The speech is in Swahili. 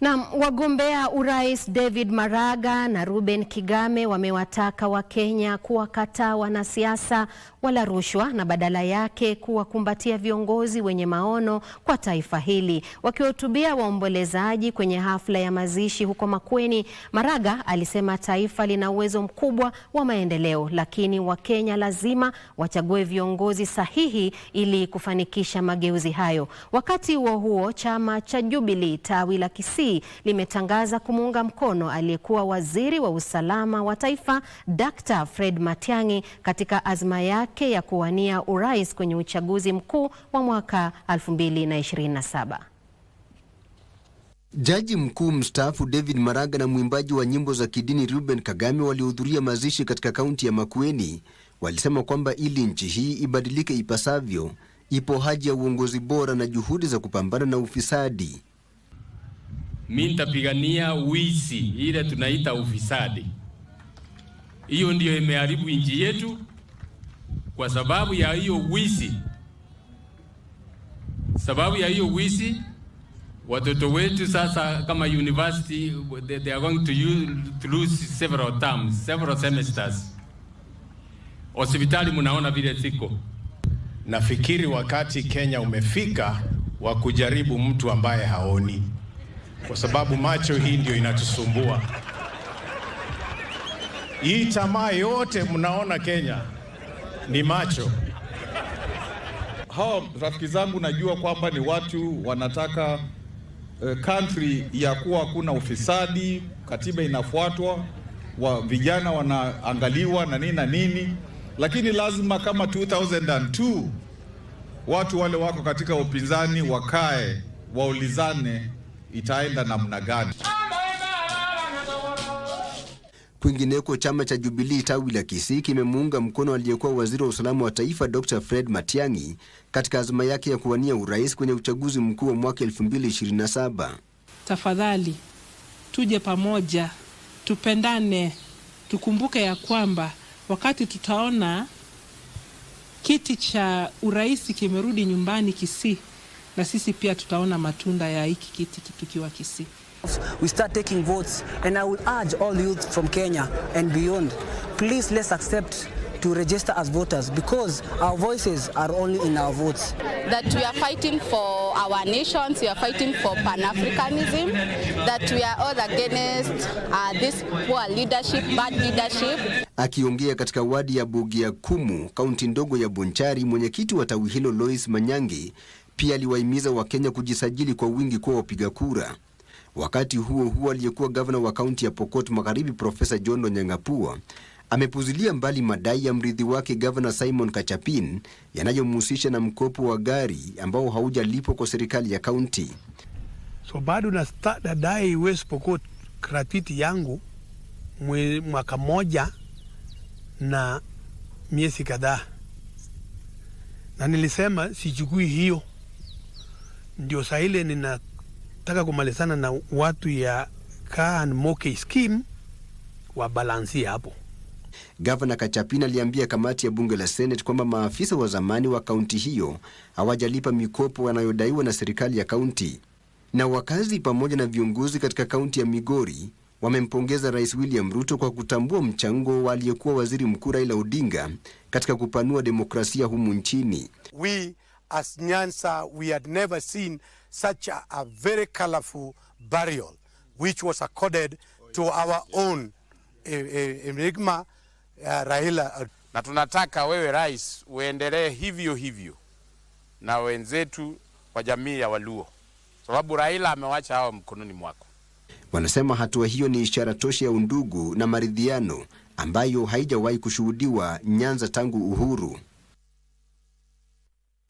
Na wagombea urais David Maraga na ruben Kigame wamewataka Wakenya kuwakataa wanasiasa wala rushwa na badala yake kuwakumbatia viongozi wenye maono kwa taifa hili. Wakihutubia waombolezaji kwenye hafla ya mazishi huko Makueni, Maraga alisema taifa lina uwezo mkubwa wa maendeleo, lakini Wakenya lazima wachague viongozi sahihi ili kufanikisha mageuzi hayo. Wakati huo huo, chama cha Jubilee tawi la Kisii limetangaza kumuunga mkono aliyekuwa waziri wa usalama wa taifa Dr. Fred Matiang'i katika azma yake ya kuwania urais kwenye uchaguzi mkuu wa mwaka 2027. Jaji mkuu mstaafu David Maraga na mwimbaji wa nyimbo za kidini Reuben Kagame waliohudhuria mazishi katika kaunti ya Makueni walisema kwamba ili nchi hii ibadilike ipasavyo, ipo haja ya uongozi bora na juhudi za kupambana na ufisadi mi nitapigania wizi ile tunaita ufisadi. Hiyo ndiyo imeharibu nchi yetu. Kwa sababu ya hiyo wizi, sababu ya hiyo wizi, watoto wetu sasa kama university they, they are going to, use, to lose several terms, several semesters. Hospitali mnaona vile ziko. Nafikiri wakati Kenya umefika wa kujaribu mtu ambaye haoni kwa sababu macho hii ndio inatusumbua. Hii tamaa yote mnaona Kenya ni macho. hawa rafiki zangu najua kwamba ni watu wanataka uh, country ya kuwa hakuna ufisadi, katiba inafuatwa, wa vijana wanaangaliwa na nini na nini, lakini lazima kama 2002 watu wale wako katika upinzani wakae waulizane itaenda namna gani? Kwingineko, chama cha Jubilii tawi la Kisii kimemuunga mkono aliyekuwa waziri wa usalama wa taifa Dr Fred Matiang'i katika azma yake ya kuwania urais kwenye uchaguzi mkuu wa mwaka 2027. Tafadhali tuje pamoja, tupendane, tukumbuke ya kwamba wakati tutaona kiti cha urais kimerudi nyumbani Kisii na sisi pia tutaona matunda ya hiki kiti tukiwa Kisii. We start taking votes and I will urge all youth from Kenya and beyond, please let's accept to register as voters because our voices are only in our votes. That we are fighting for our nations, we are fighting for Pan-Africanism, that we are all against uh, this poor leadership, bad leadership. Akiongea katika wadi ya Bugia Kumu, kaunti ndogo ya Bonchari, mwenyekiti wa tawi hilo Lois Manyangi pia aliwahimiza Wakenya kujisajili kwa wingi kuwa wapiga kura. Wakati huo huo, aliyekuwa gavana wa kaunti ya Pokot Magharibi Profesa John Onyang'apua amepuzilia mbali madai ya mrithi wake gavana Simon Kachapin yanayomhusisha na mkopo wa gari ambao haujalipwa kwa serikali ya kaunti. So bado nadai West Pokot yangu mwaka moja na miezi kadhaa, na nilisema sichukui hiyo ndio saa ile ninataka kumalizana na watu ya Kaan Moke scheme balansi hapo. Gavana Kachapin aliambia kamati ya bunge la Senate kwamba maafisa wa zamani wa kaunti hiyo hawajalipa mikopo yanayodaiwa na serikali ya kaunti, na wakazi pamoja na viongozi katika kaunti ya Migori wamempongeza Rais William Ruto kwa kutambua mchango wa aliyekuwa waziri mkuu Raila Odinga katika kupanua demokrasia humu nchini. We as Nyanza, we had never seen such a, a very colorful burial, which was accorded to our own eh, eh, Enigma uh, Raila. Na tunataka wewe rais uendelee hivyo hivyo na wenzetu wa jamii ya Waluo, sababu Raila amewacha hawa mkononi mwako. Wanasema hatua hiyo ni ishara tosha ya undugu na maridhiano ambayo haijawahi kushuhudiwa Nyanza tangu uhuru.